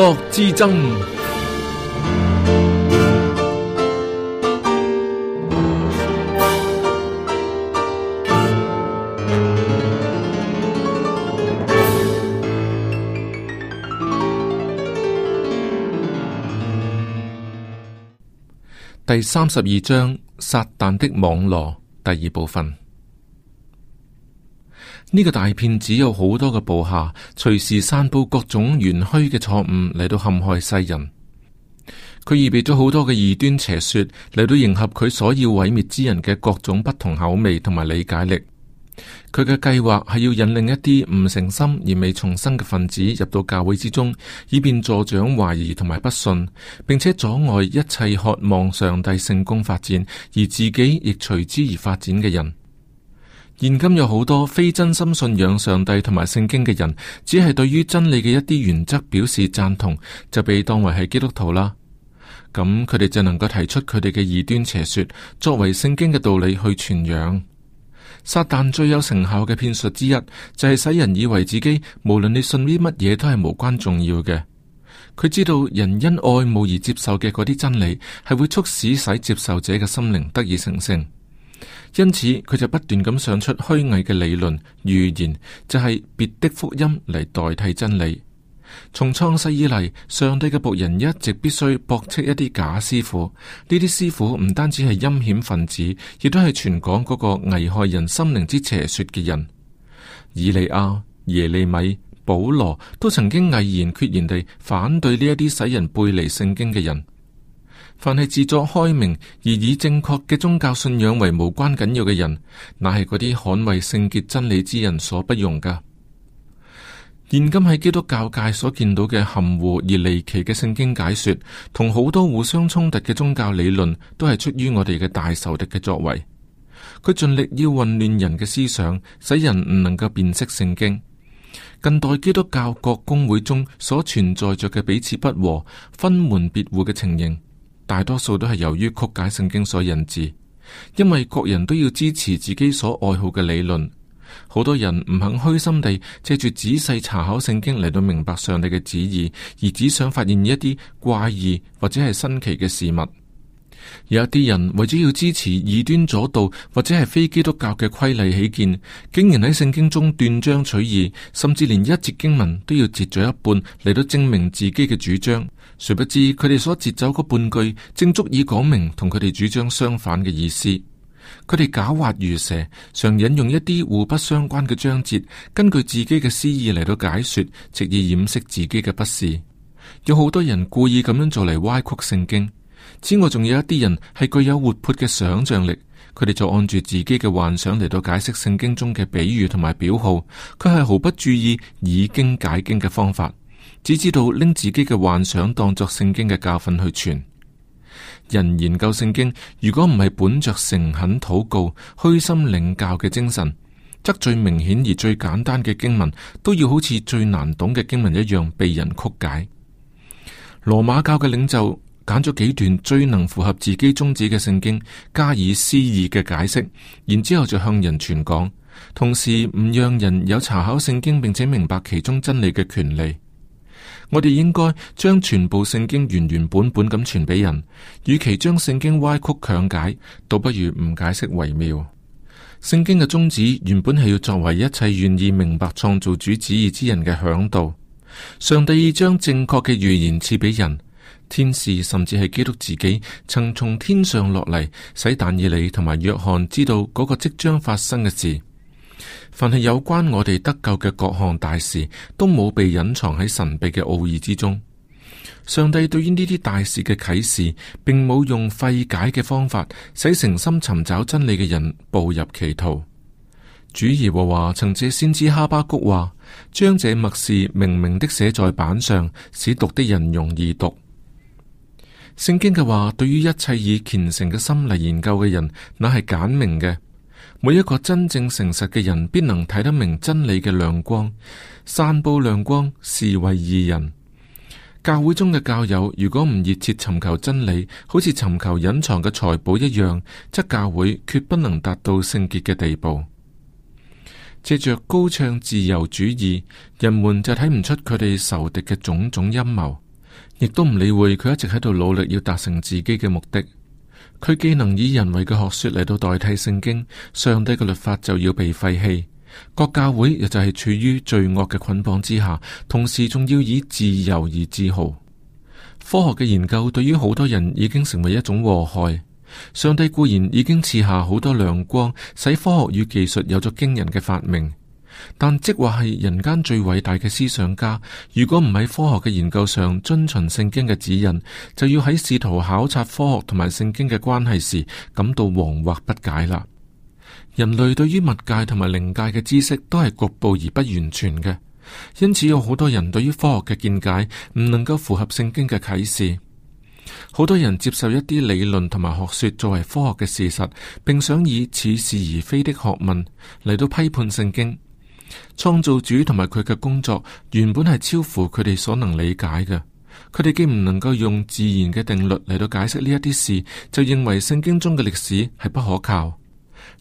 惡之爭，第三十二章，撒旦的網絡第二部分。呢個大騙子有好多嘅部下，隨時散布各種玄虛嘅錯誤嚟到陷害世人。佢預備咗好多嘅異端邪說嚟到迎合佢所要毀滅之人嘅各種不同口味同埋理解力。佢嘅計劃係要引領一啲唔誠心而未重生嘅分子入到教會之中，以便助長懷疑同埋不信，並且阻礙一切渴望上帝成功發展而自己亦隨之而發展嘅人。現今有好多非真心信仰上帝同埋聖經嘅人，只係對於真理嘅一啲原則表示贊同，就被當為係基督徒啦。咁佢哋就能夠提出佢哋嘅異端邪說，作為聖經嘅道理去傳揚。撒旦最有成效嘅騙術之一，就係使人以為自己無論你信啲乜嘢都係無關重要嘅。佢知道人因愛慕而接受嘅嗰啲真理，係會促使使接受者嘅心靈得以成聖。因此，佢就不斷咁想出虛偽嘅理論、預言，就係、是、別的福音嚟代替真理。從創世以嚟，上帝嘅僕人一直必須駁斥一啲假師傅。呢啲師傅唔單止係陰險分子，亦都係全港嗰個危害人心靈之邪說嘅人。以利亞、耶利米、保羅都曾經毅然決然地反對呢一啲使人背離聖經嘅人。凡係自作開明而以正確嘅宗教信仰為無關緊要嘅人，乃係嗰啲捍衛聖潔真理之人所不容噶。現今喺基督教界所見到嘅含糊而離奇嘅聖經解說，同好多互相衝突嘅宗教理論，都係出於我哋嘅大仇敵嘅作為。佢盡力要混亂人嘅思想，使人唔能夠辨識聖經。近代基督教各公會中所存在着嘅彼此不和、分門別戶嘅情形，大多數都係由於曲解聖經所引致，因為各人都要支持自己所愛好嘅理論，好多人唔肯虛心地借住仔細查考聖經嚟到明白上帝嘅旨意，而只想發現一啲怪異或者係新奇嘅事物。有一啲人為咗要支持異端左道或者係非基督教嘅規例起見，竟然喺聖經中斷章取義，甚至連一節經文都要截咗一半嚟到證明自己嘅主張。殊不知佢哋所截走嗰半句，正足以講明同佢哋主張相反嘅意思。佢哋狡猾如蛇，常引用一啲互不相關嘅章節，根據自己嘅私意嚟到解說，藉以掩飾自己嘅不是。有好多人故意咁樣做嚟歪曲聖經。此外，仲有一啲人係具有活潑嘅想象力，佢哋就按住自己嘅幻想嚟到解釋聖經中嘅比喻同埋表號，佢係毫不注意以經解經嘅方法。只知道拎自己嘅幻想當作聖經嘅教訓去傳。人研究聖經，如果唔係本着誠懇禱告、虛心領教嘅精神，則最明顯而最簡單嘅經文，都要好似最難懂嘅經文一樣被人曲解。羅馬教嘅領袖揀咗幾段最能符合自己宗旨嘅聖經，加以私意嘅解釋，然之後就向人傳講，同時唔讓人有查考聖經並且明白其中真理嘅權利。我哋應該將全部聖經原原本本咁傳俾人，與其將聖經歪曲強解，倒不如唔解釋為妙。聖經嘅宗旨原本係要作為一切願意明白創造主旨意之人嘅嚮導。上帝已將正確嘅預言賜俾人，天使甚至係基督自己，曾從天上落嚟，使但以理同埋約翰知道嗰個即將發生嘅事。凡係有關我哋得救嘅各項大事，都冇被隱藏喺神秘嘅奧義之中。上帝對於呢啲大事嘅啟示，並冇用費解嘅方法，使誠心尋找真理嘅人步入歧途。主耶和華曾借先知哈巴谷話：將這默示明明的寫在版上，使讀的人容易讀。聖經嘅話，對於一切以虔誠嘅心嚟研究嘅人，那係簡明嘅。每一個真正誠實嘅人，必能睇得明真理嘅亮光，散布亮光，是為義人。教會中嘅教友如果唔熱切尋求真理，好似尋求隱藏嘅財寶一樣，則教會決不能達到聖潔嘅地步。借着高唱自由主義，人們就睇唔出佢哋仇敵嘅種種陰謀，亦都唔理會佢一直喺度努力要達成自己嘅目的。佢既能以人為嘅學說嚟到代替聖經，上帝嘅律法就要被廢棄，各教會亦就係處於罪惡嘅捆綁之下，同時仲要以自由而自豪。科學嘅研究對於好多人已經成為一種禍害。上帝固然已經賜下好多亮光，使科學與技術有咗驚人嘅發明。但即或係人間最偉大嘅思想家，如果唔喺科學嘅研究上遵循聖經嘅指引，就要喺試圖考察科學同埋聖經嘅關係時感到惶惑不解啦。人類對於物界同埋靈界嘅知識都係局部而不完全嘅，因此有好多人對於科學嘅見解唔能夠符合聖經嘅啟示。好多人接受一啲理論同埋學說作為科學嘅事實，並想以似是而非的學問嚟到批判聖經。創造主同埋佢嘅工作原本係超乎佢哋所能理解嘅，佢哋既唔能夠用自然嘅定律嚟到解釋呢一啲事，就認為聖經中嘅歷史係不可靠。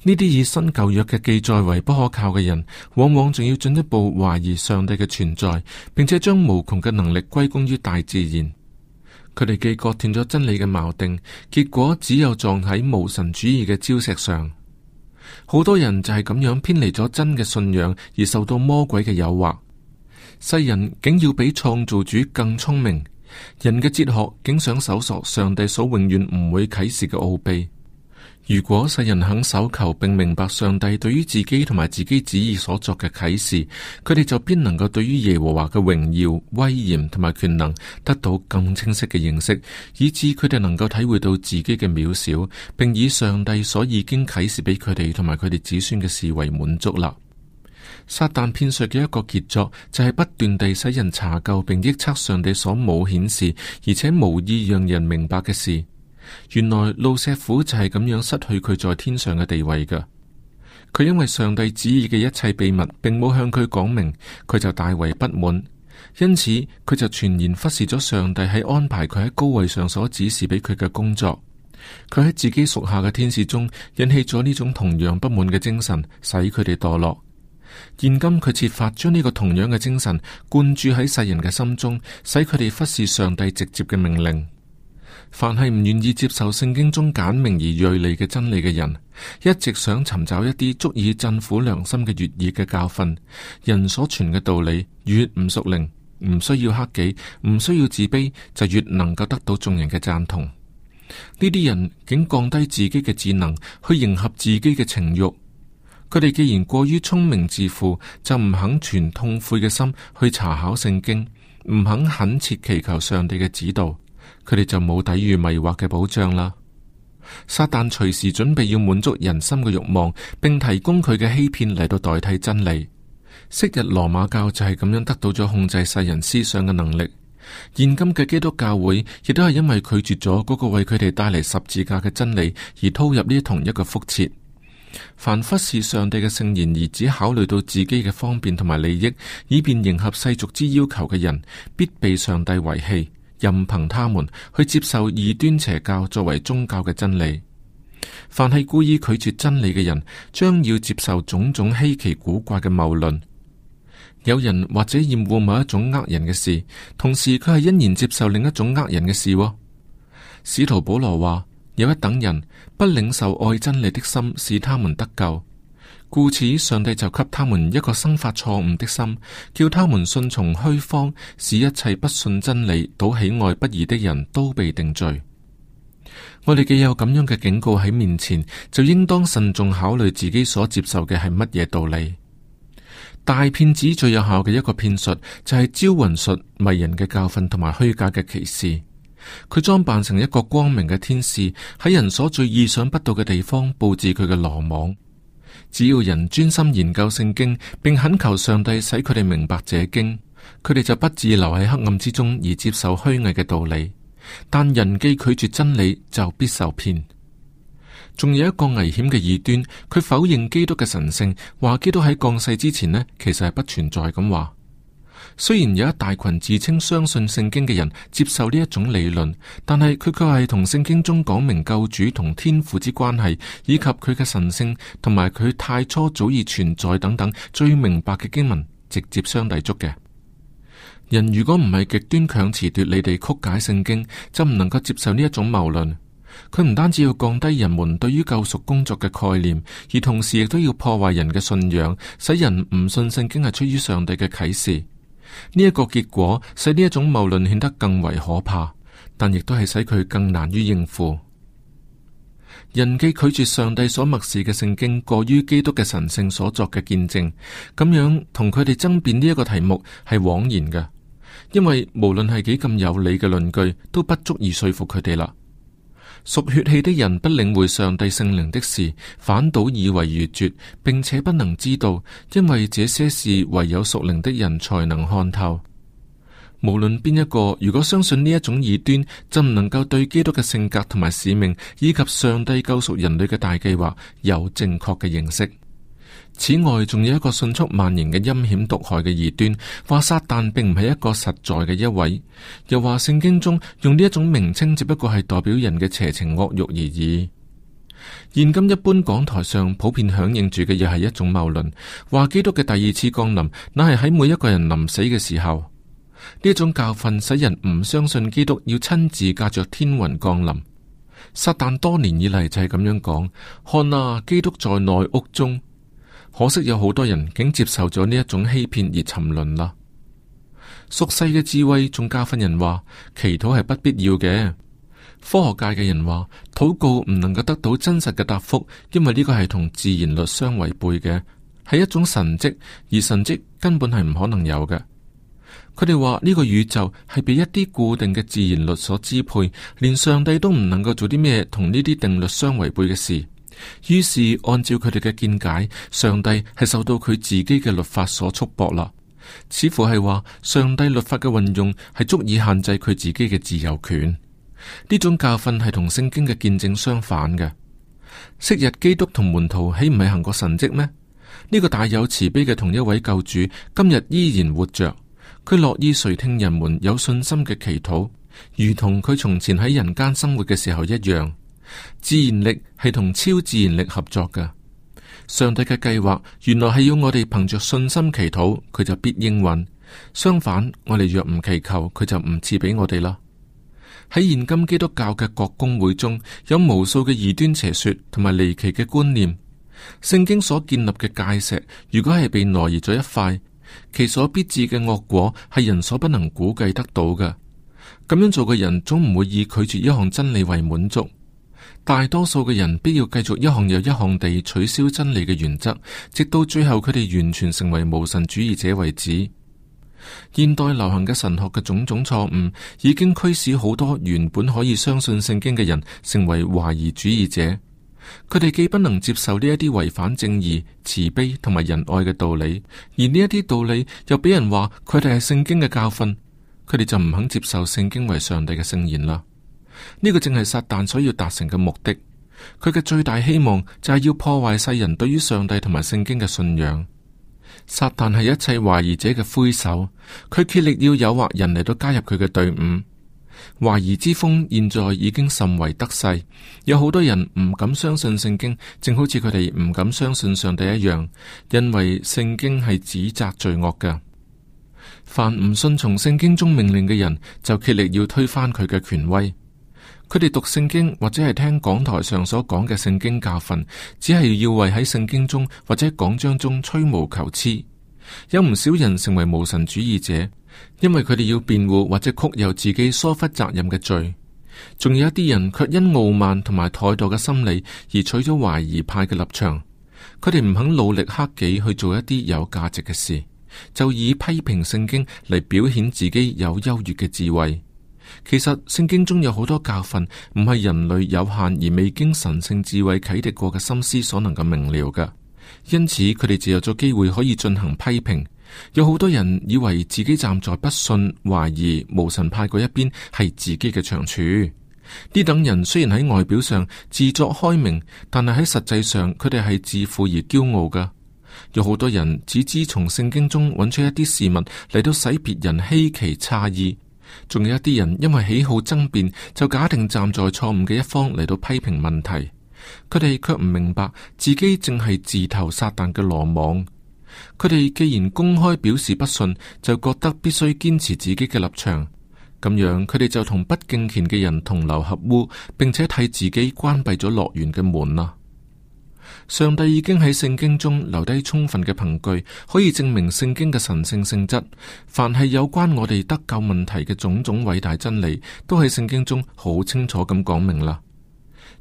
呢啲以新舊約嘅記載為不可靠嘅人，往往仲要進一步懷疑上帝嘅存在，並且將無窮嘅能力歸功於大自然。佢哋既割斷咗真理嘅錨定，結果只有撞喺無神主義嘅礁石上。好多人就係咁樣，偏離咗真嘅信仰而受到魔鬼嘅誘惑。世人竟要比創造主更聰明，人嘅哲學竟想搜索上帝所永遠唔會啟示嘅奧秘。如果世人肯尋求並明白上帝對於自己同埋自己旨意所作嘅啟示，佢哋就必能夠對於耶和華嘅榮耀、威嚴同埋權能得到更清晰嘅認識，以致佢哋能夠體會到自己嘅渺小，並以上帝所已經啟示俾佢哋同埋佢哋子孫嘅事為滿足啦。撒旦騙術嘅一個傑作，就係、是、不斷地使人查究並臆測上帝所冇顯示而且無意讓人明白嘅事。原來路西弗就係咁樣失去佢在天上嘅地位噶。佢因為上帝旨意嘅一切秘密並冇向佢講明，佢就大為不滿。因此佢就全然忽視咗上帝喺安排佢喺高位上所指示俾佢嘅工作。佢喺自己屬下嘅天使中引起咗呢種同樣不滿嘅精神，使佢哋墮落。現今佢設法將呢個同樣嘅精神灌注喺世人嘅心中，使佢哋忽視上帝直接嘅命令。凡係唔願意接受聖經中簡明而銳利嘅真理嘅人，一直想尋找一啲足以震苦良心嘅悅耳嘅教訓。人所傳嘅道理越唔熟靈，唔需要克己，唔需要自卑，就越能夠得到眾人嘅贊同。呢啲人竟降低自己嘅智能去迎合自己嘅情慾。佢哋既然過於聰明自負，就唔肯傳痛悔嘅心去查考聖經，唔肯懇切祈求上帝嘅指導。佢哋就冇抵禦迷惑嘅保障啦。撒旦隨時準備要滿足人心嘅慾望，並提供佢嘅欺騙嚟到代替真理。昔日羅馬教就係咁樣得到咗控制世人思想嘅能力。現今嘅基督教會亦都係因為拒絕咗嗰個為佢哋帶嚟十字架嘅真理，而蹈入呢同一個覆轍。凡忽視上帝嘅聖言而只考慮到自己嘅方便同埋利益，以便迎合世俗之要求嘅人，必被上帝遺棄。任憑他們去接受異端邪教作為宗教嘅真理。凡係故意拒絕真理嘅人，將要接受種種稀奇古怪嘅謬論。有人或者厭惡某一種呃人嘅事，同時佢係欣然接受另一種呃人嘅事、哦。喔，使徒保羅話：有一等人不領受愛真理的心，使他們得救。故此，上帝就給他們一個生發錯誤的心，叫他們順從虛謊，使一切不信真理、倒喜愛不義的人都被定罪。我哋既有咁樣嘅警告喺面前，就應當慎重考慮自己所接受嘅係乜嘢道理。大騙子最有效嘅一個騙術就係、是、招魂術、迷人嘅教訓同埋虛假嘅歧視。佢裝扮成一個光明嘅天使，喺人所最意想不到嘅地方布置佢嘅羅網。只要人專心研究聖經，並懇求上帝使佢哋明白這經，佢哋就不至留喺黑暗之中而接受虛偽嘅道理。但人既拒絕真理，就必受騙。仲有一個危險嘅異端，佢否認基督嘅神聖，話基督喺降世之前呢，其實係不存在咁話。雖然有一大群自稱相信聖經嘅人接受呢一種理論，但係佢卻係同聖經中講明救主同天父之關係，以及佢嘅神聖同埋佢太初早已存在等等最明白嘅經文直接相抵觸嘅人。如果唔係極端強詞奪理地曲解聖經，就唔能夠接受呢一種謬論。佢唔單止要降低人們對於救贖工作嘅概念，而同時亦都要破壞人嘅信仰，使人唔信聖經係出於上帝嘅啟示。呢一個結果使呢一種謬論顯得更為可怕，但亦都係使佢更難於應付。人既拒絕上帝所默示嘅聖經，過於基督嘅神聖所作嘅見證，咁樣同佢哋爭辯呢一個題目係枉然嘅，因為無論係幾咁有理嘅論據，都不足以說服佢哋啦。屬血氣的人不領會上帝聖靈的事，反倒以為愚拙，並且不能知道，因為這些事唯有屬靈的人才能看透。無論邊一個，如果相信呢一種異端，就唔能夠對基督嘅性格同埋使命，以及上帝救贖人類嘅大計劃有正確嘅認識。此外，仲有一個迅速蔓延嘅陰險毒害嘅異端，話撒旦並唔係一個實在嘅一位，又話聖經中用呢一種名稱，只不過係代表人嘅邪情惡慾而已。現今一般講台上普遍響應住嘅嘢，係一種謬論，話基督嘅第二次降臨，乃係喺每一個人臨死嘅時候。呢一種教訓使人唔相信基督要親自駕着天雲降臨。撒旦多年以嚟就係咁樣講，看啊，基督在內屋中。可惜有好多人竟接受咗呢一種欺騙而沉淪啦。俗世嘅智慧仲加分人話祈禱係不必要嘅。科學界嘅人話禱告唔能夠得到真實嘅答覆，因為呢個係同自然律相違背嘅，係一種神跡，而神跡根本係唔可能有嘅。佢哋話呢個宇宙係被一啲固定嘅自然律所支配，連上帝都唔能夠做啲咩同呢啲定律相違背嘅事。於是，按照佢哋嘅見解，上帝係受到佢自己嘅律法所束縛啦，似乎係話上帝律法嘅運用係足以限制佢自己嘅自由權。呢種教訓係同聖經嘅見證相反嘅。昔日基督同門徒豈唔係行過神蹟咩？呢個大有慈悲嘅同一位救主，今日依然活着，佢樂意垂聽人們有信心嘅祈禱，如同佢從前喺人間生活嘅時候一樣。自然力係同超自然力合作噶。上帝嘅計劃原來係要我哋憑着信心祈禱，佢就必應允。相反，我哋若唔祈求，佢就唔賜俾我哋啦。喺現今基督教嘅國公會中有無數嘅異端邪說同埋離奇嘅觀念。聖經所建立嘅界石，如果係被挪移咗一塊，其所必至嘅惡果係人所不能估計得到嘅。咁樣做嘅人總唔會以拒絕一項真理為滿足。大多數嘅人必要繼續一項又一項地取消真理嘅原則，直到最後佢哋完全成為無神主義者為止。現代流行嘅神學嘅種種錯誤，已經驅使好多原本可以相信聖經嘅人，成為懷疑主義者。佢哋既不能接受呢一啲違反正義、慈悲同埋仁愛嘅道理，而呢一啲道理又俾人話佢哋係聖經嘅教訓，佢哋就唔肯接受聖經為上帝嘅聖言啦。呢個正係撒旦所要達成嘅目的。佢嘅最大希望就係要破壞世人對於上帝同埋聖經嘅信仰。撒旦係一切懷疑者嘅魁首，佢竭力要誘惑人嚟到加入佢嘅隊伍。懷疑之風現在已經甚為得勢，有好多人唔敢相信聖經，正好似佢哋唔敢相信上帝一樣，因為聖經係指責罪惡嘅。凡唔信從聖經中命令嘅人，就竭力要推翻佢嘅權威。佢哋讀聖經或者係聽講台上所講嘅聖經教訓，只係要為喺聖經中或者講章中吹毛求疵。有唔少人成為無神主義者，因為佢哋要辯護或者曲游自己疏忽責任嘅罪。仲有一啲人卻因傲慢同埋怠惰嘅心理而取咗懷疑派嘅立場。佢哋唔肯努力克己去做一啲有價值嘅事，就以批評聖經嚟表現自己有優越嘅智慧。其實聖經中有好多教訓，唔係人類有限而未經神性智慧啟迪過嘅心思所能夠明了嘅。因此，佢哋就有咗機會可以進行批評。有好多人以為自己站在不信、懷疑、無神派嗰一邊係自己嘅長處。呢等人雖然喺外表上自作開明，但係喺實際上，佢哋係自負而驕傲嘅。有好多人只知從聖經中揾出一啲事物嚟到使別人稀奇詫異。仲有一啲人因為喜好爭辯，就假定站在錯誤嘅一方嚟到批評問題，佢哋卻唔明白自己淨係自投撒旦嘅羅網。佢哋既然公開表示不信，就覺得必須堅持自己嘅立場，咁樣佢哋就同不敬虔嘅人同流合污，並且替自己關閉咗樂園嘅門啦。上帝已經喺聖經中留低充分嘅憑據，可以證明聖經嘅神聖性質。凡係有關我哋得救問題嘅種種偉大真理，都喺聖經中好清楚咁講明啦。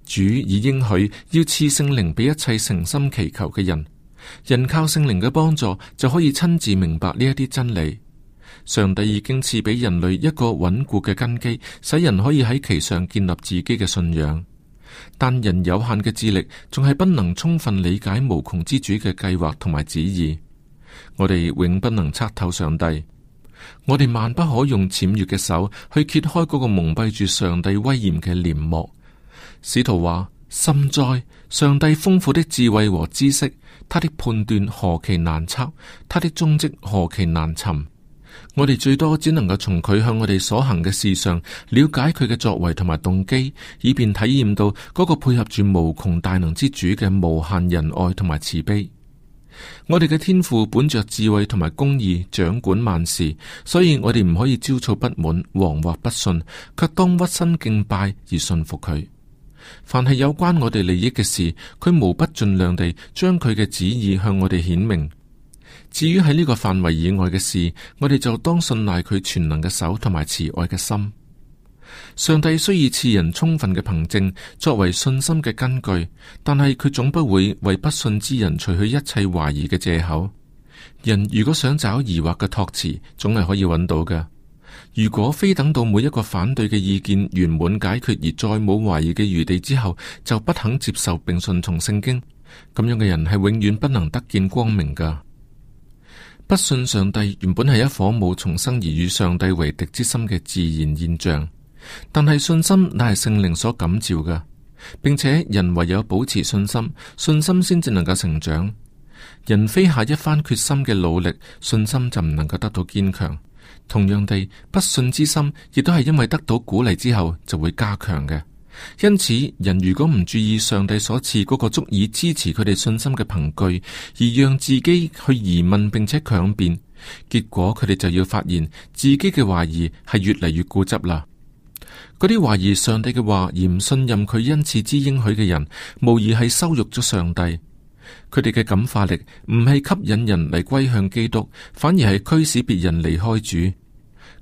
主已應許要賜聖靈俾一切誠心祈求嘅人，人靠聖靈嘅幫助就可以親自明白呢一啲真理。上帝已經賜俾人類一個穩固嘅根基，使人可以喺其上建立自己嘅信仰。但人有限嘅智力，仲係不能充分理解無窮之主嘅計劃同埋旨意。我哋永不能測透上帝，我哋萬不可用僭越嘅手去揭開嗰個蒙蔽住上帝威嚴嘅簾幕。使徒話：深哉上帝豐富的智慧和知識，他的判斷何其難測，他的蹤跡何其難尋。我哋最多只能夠從佢向我哋所行嘅事上了解佢嘅作為同埋動機，以便體驗到嗰個配合住無窮大能之主嘅無限仁愛同埋慈悲。我哋嘅天父本着智慧同埋公義掌管萬事，所以我哋唔可以焦躁不滿、惶惑不信，卻當屈身敬拜而信服佢。凡係有關我哋利益嘅事，佢無不盡量地將佢嘅旨意向我哋顯明。至於喺呢個範圍以外嘅事，我哋就當信賴佢全能嘅手同埋慈愛嘅心。上帝需要賜人充分嘅憑證作為信心嘅根據，但係佢總不會為不信之人除去一切懷疑嘅借口。人如果想找疑惑嘅托詞，總係可以揾到噶。如果非等到每一個反對嘅意見圓滿解決而再冇懷疑嘅餘地之後，就不肯接受並順從聖經，咁樣嘅人係永遠不能得見光明噶。不信上帝原本係一伙冇重生而與上帝為敵之心嘅自然現象，但係信心乃係聖靈所感召嘅，並且人唯有保持信心，信心先至能夠成長。人非下一番決心嘅努力，信心就唔能夠得到堅強。同樣地，不信之心亦都係因為得到鼓勵之後就會加強嘅。因此，人如果唔注意上帝所賜嗰個足以支持佢哋信心嘅憑據，而讓自己去疑問並且強辯，結果佢哋就要發現自己嘅懷疑係越嚟越固執啦。嗰啲懷疑上帝嘅話而唔信任佢恩賜之應許嘅人，無疑係羞辱咗上帝。佢哋嘅感化力唔係吸引人嚟歸向基督，反而係驅使別人離開主。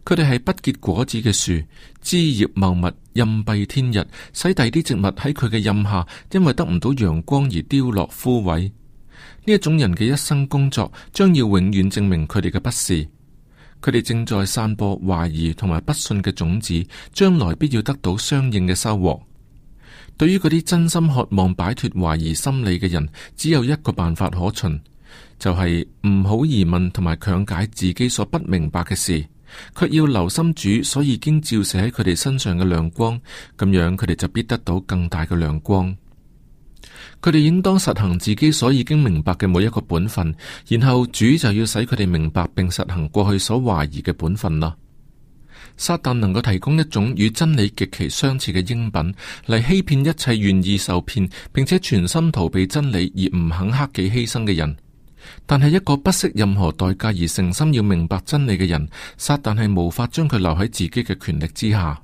佢哋係不結果子嘅樹，枝葉茂密，蔭蔽天日，使第啲植物喺佢嘅蔭下，因為得唔到陽光而凋落枯萎。呢一種人嘅一生工作，將要永遠證明佢哋嘅不是。佢哋正在散播懷疑同埋不信嘅種子，將來必要得到相應嘅收穫。對於嗰啲真心渴望擺脫懷疑心理嘅人，只有一個辦法可循，就係唔好疑問同埋強解自己所不明白嘅事。卻要留心主，所已經照射喺佢哋身上嘅亮光，咁樣佢哋就必得到更大嘅亮光。佢哋應當實行自己所已經明白嘅每一個本分，然後主就要使佢哋明白並實行過去所懷疑嘅本分啦。撒旦能夠提供一種與真理極其相似嘅英品嚟欺騙一切願意受騙，並且全心逃避真理而唔肯克己犧牲嘅人。但係一個不惜任何代價而誠心要明白真理嘅人，撒旦係無法將佢留喺自己嘅權力之下。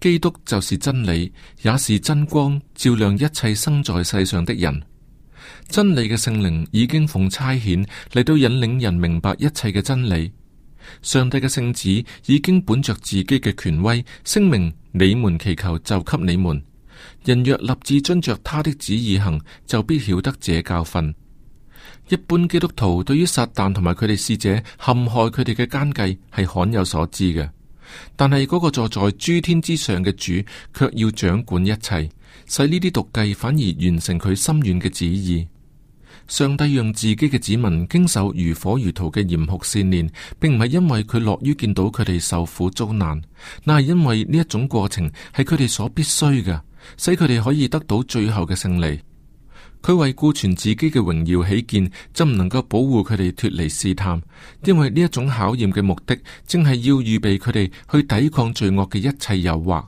基督就是真理，也是真光照亮一切生在世上的人。真理嘅聖靈已經奉差遣嚟到引領人明白一切嘅真理。上帝嘅聖子已經本着自己嘅權威聲明：你們祈求就給你們。人若立志遵着他的旨意行，就必曉得這教訓。一般基督徒對於撒旦同埋佢哋使者陷害佢哋嘅奸計係罕有所知嘅，但係嗰個坐在諸天之上嘅主卻要掌管一切，使呢啲毒計反而完成佢深遠嘅旨意。上帝讓自己嘅子民經受如火如荼嘅嚴酷試煉，並唔係因為佢樂於見到佢哋受苦遭難，那係因為呢一種過程係佢哋所必須嘅，使佢哋可以得到最後嘅勝利。佢為顧全自己嘅榮耀起見，就唔能夠保護佢哋脫離試探，因為呢一種考驗嘅目的，正係要預備佢哋去抵抗罪惡嘅一切誘惑。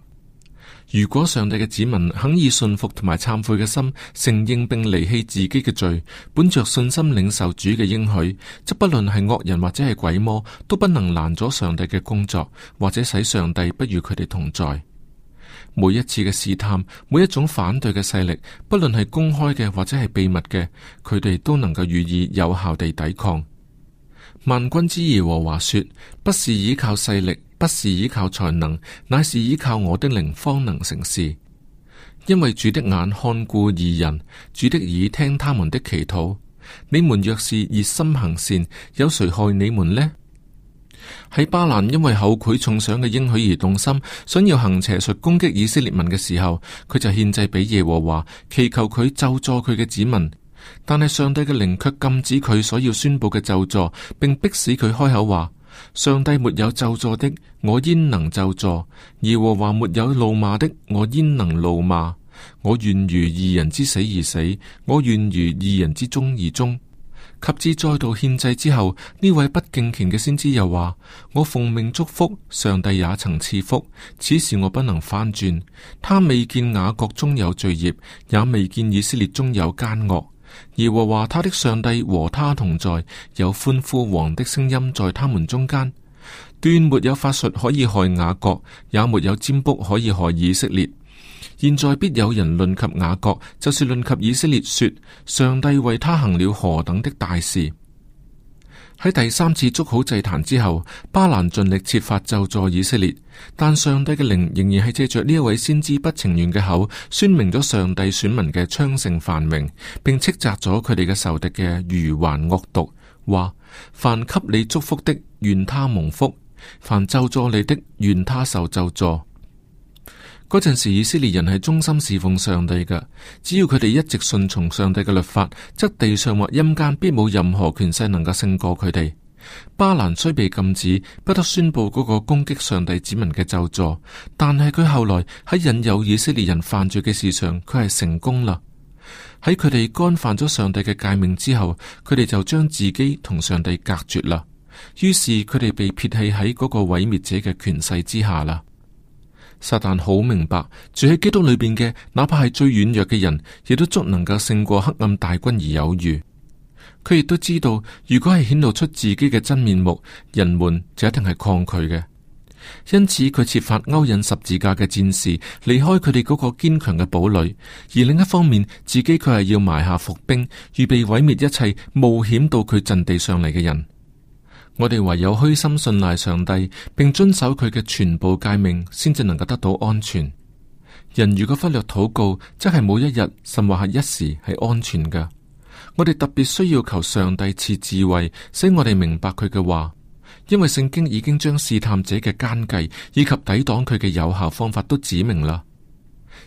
如果上帝嘅子民肯以信服同埋懺悔嘅心，承認並離棄自己嘅罪，本着信心領受主嘅應許，則不論係惡人或者係鬼魔，都不能攔咗上帝嘅工作，或者使上帝不與佢哋同在。每一次嘅試探，每一種反對嘅勢力，不論係公開嘅或者係秘密嘅，佢哋都能夠予以有效地抵抗。萬軍之耶和華說：不是依靠勢力，不是依靠才能，乃是依靠我的靈方能成事。因為主的眼看顧義人，主的耳聽他們的祈禱。你們若是熱心行善，有誰害你們呢？喺巴蘭因為後悔重賞嘅應許而動心，想要行邪術攻擊以色列民嘅時候，佢就獻祭俾耶和華，祈求佢咒詛佢嘅子民。但係上帝嘅靈卻禁止佢所要宣布嘅咒詛，並迫使佢開口話：上帝沒有咒詛的，我焉能咒詛？耶和華沒有怒罵的，我焉能怒罵？我願如義人之死而死，我願如義人之終而終。及至再度獻祭之後，呢位不敬虔嘅先知又話：我奉命祝福，上帝也曾賜福。此時我不能翻轉，他未見雅各中有罪孽，也未見以色列中有奸惡。耶和華他的上帝和他同在，有歡呼王的聲音在他們中間。斷沒有法術可以害雅各，也沒有占卜可以害以色列。現在必有人論及雅各，就是論及以色列說，說上帝為他行了何等的大事。喺第三次築好祭壇之後，巴蘭盡力設法咒詛以色列，但上帝嘅靈仍然係借着呢一位先知不情願嘅口，宣明咗上帝選民嘅昌盛繁榮，並斥責咗佢哋嘅仇敵嘅愚頑惡毒，話：凡給你祝福的，願他蒙福；凡咒詛你的，願他受咒詛。嗰陣時，以色列人係忠心侍奉上帝嘅，只要佢哋一直順從上帝嘅律法，則地上或陰間必冇任何權勢能夠勝過佢哋。巴蘭雖被禁止，不得宣布嗰個攻擊上帝子民嘅咒詛，但係佢後來喺引誘以色列人犯罪嘅事上，佢係成功啦。喺佢哋干犯咗上帝嘅誡命之後，佢哋就將自己同上帝隔絕啦。於是佢哋被撇棄喺嗰個毀滅者嘅權勢之下啦。撒旦好明白住喺基督裏邊嘅，哪怕係最軟弱嘅人，亦都足能夠勝過黑暗大軍而有餘。佢亦都知道，如果係顯露出自己嘅真面目，人們就一定係抗拒嘅。因此，佢設法勾引十字架嘅戰士離開佢哋嗰個堅強嘅堡壘，而另一方面，自己佢係要埋下伏兵，預備毀滅一切冒險到佢陣地上嚟嘅人。我哋唯有虛心信賴上帝，並遵守佢嘅全部誡命，先至能夠得到安全。人如果忽略禱告，即係冇一日，甚或係一時係安全嘅。我哋特別需要求上帝賜智慧，使我哋明白佢嘅話，因為聖經已經將試探者嘅奸計以及抵擋佢嘅有效方法都指明啦。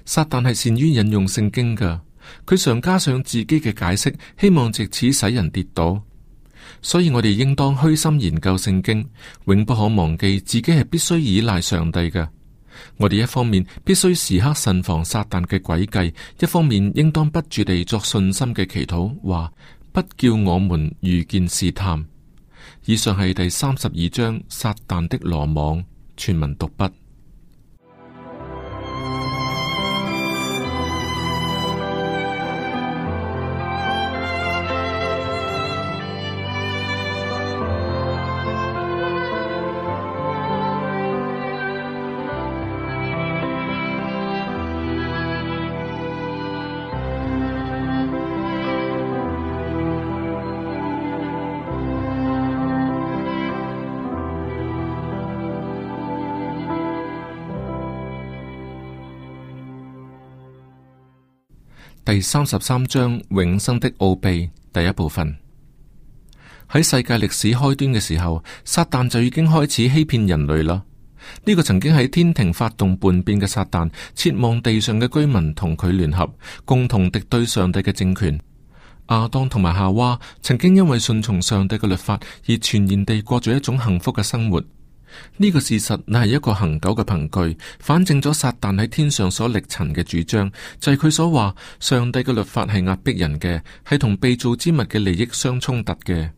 撒旦係善於引用聖經嘅，佢常加上自己嘅解釋，希望借此使人跌倒。所以我哋應當虛心研究聖經，永不可忘記自己係必須依賴上帝嘅。我哋一方面必須時刻慎防撒旦嘅詭計，一方面應當不住地作信心嘅祈禱，話不叫我們遇見試探。以上係第三十二章撒旦的羅網，全文讀畢。第三十三章，永生的奧秘，第一部分。喺世界歷史開端嘅時候，撒旦就已經開始欺騙人類啦。呢、這個曾經喺天庭發動叛變嘅撒旦，切望地上嘅居民同佢聯合，共同敵對上帝嘅政權。亞當同埋夏娃曾經因為順從上帝嘅律法，而全然地過住一種幸福嘅生活。呢個事實乃係一個恒久嘅憑據，反證咗撒旦喺天上所力陳嘅主張，就係、是、佢所話上帝嘅律法係壓迫人嘅，係同被造之物嘅利益相衝突嘅。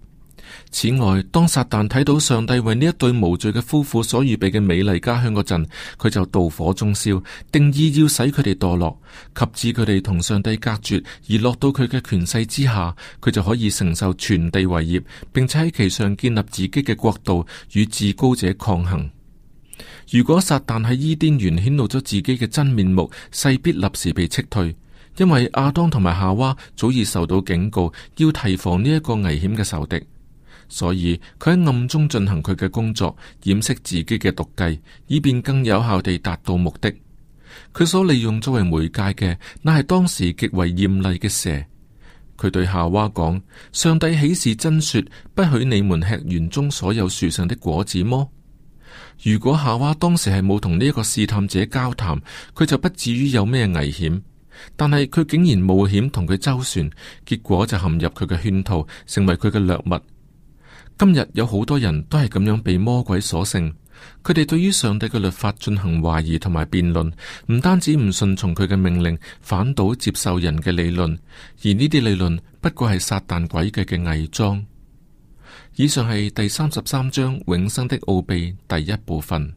此外，當撒旦睇到上帝為呢一對無罪嘅夫婦所預備嘅美麗家鄉嗰陣，佢就妒火中燒，定意要使佢哋墮落，及至佢哋同上帝隔絕而落到佢嘅權勢之下，佢就可以承受全地為業，並且喺其上建立自己嘅國度，與至高者抗衡。如果撒旦喺伊甸園顯露咗自己嘅真面目，勢必立時被斥退，因為亞當同埋夏娃早已受到警告，要提防呢一個危險嘅仇敵。所以佢喺暗中進行佢嘅工作，掩飾自己嘅毒計，以便更有效地達到目的。佢所利用作為媒介嘅，乃係當時極為艷麗嘅蛇。佢對夏娃講：上帝豈是真說，不許你們吃園中所有樹上的果子麼？如果夏娃當時係冇同呢一個試探者交談，佢就不至於有咩危險。但係佢竟然冒險同佢周旋，結果就陷入佢嘅圈套，成為佢嘅掠物。今日有好多人都係咁樣被魔鬼所勝，佢哋對於上帝嘅律法進行懷疑同埋辯論，唔單止唔順從佢嘅命令，反倒接受人嘅理論，而呢啲理論不過係撒但鬼嘅嘅偽裝。以上係第三十三章永生的奧秘第一部分。